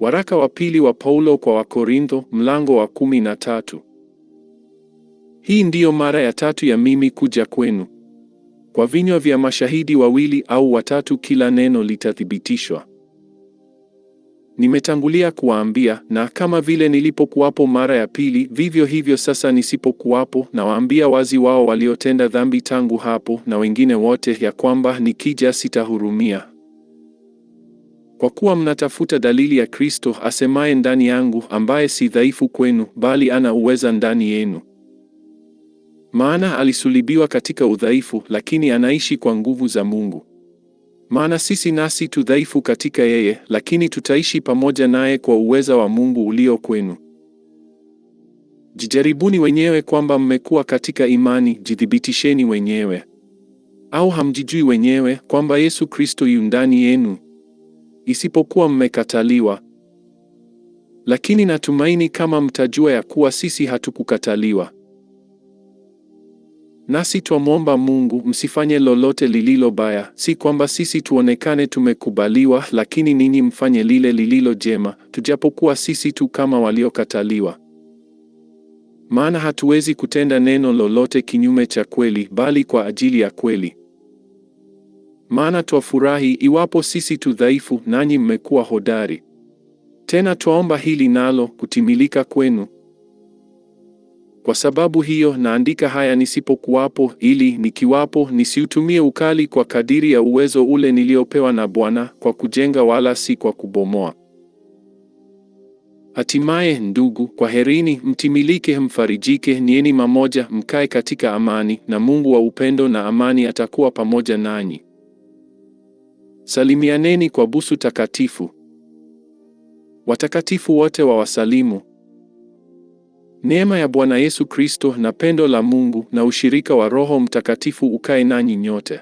Waraka wa pili wa Paulo kwa Wakorintho mlango wa kumi na tatu. Hii ndiyo mara ya tatu ya mimi kuja kwenu. Kwa vinywa vya mashahidi wawili au watatu kila neno litathibitishwa. Nimetangulia kuwaambia, na kama vile nilipokuwapo mara ya pili, vivyo hivyo sasa nisipokuwapo, nawaambia wazi wao waliotenda dhambi tangu hapo na wengine wote, ya kwamba nikija sitahurumia. Kwa kuwa mnatafuta dalili ya Kristo asemaye ndani yangu, ambaye si dhaifu kwenu, bali ana uweza ndani yenu. Maana alisulibiwa katika udhaifu, lakini anaishi kwa nguvu za Mungu. Maana sisi nasi tu dhaifu katika yeye, lakini tutaishi pamoja naye kwa uweza wa Mungu ulio kwenu. Jijaribuni wenyewe kwamba mmekuwa katika imani, jithibitisheni wenyewe. Au hamjijui wenyewe kwamba Yesu Kristo yu ndani yenu? isipokuwa mmekataliwa. Lakini natumaini kama mtajua ya kuwa sisi hatukukataliwa. Nasi twamwomba Mungu msifanye lolote lililo baya, si kwamba sisi tuonekane tumekubaliwa, lakini ninyi mfanye lile lililo jema, tujapokuwa sisi tu kama waliokataliwa. Maana hatuwezi kutenda neno lolote kinyume cha kweli, bali kwa ajili ya kweli. Maana twafurahi iwapo sisi tu dhaifu, nanyi mmekuwa hodari. Tena twaomba hili nalo, kutimilika kwenu. Kwa sababu hiyo naandika haya nisipokuwapo, ili nikiwapo nisiutumie ukali kwa kadiri ya uwezo ule niliopewa na Bwana, kwa kujenga wala si kwa kubomoa. Hatimaye ndugu, kwa herini mtimilike, mfarijike, nieni mamoja, mkae katika amani, na Mungu wa upendo na amani atakuwa pamoja nanyi. Salimianeni kwa busu takatifu. Watakatifu wote wawasalimu. Neema ya Bwana Yesu Kristo na pendo la Mungu na ushirika wa Roho Mtakatifu ukae nanyi nyote.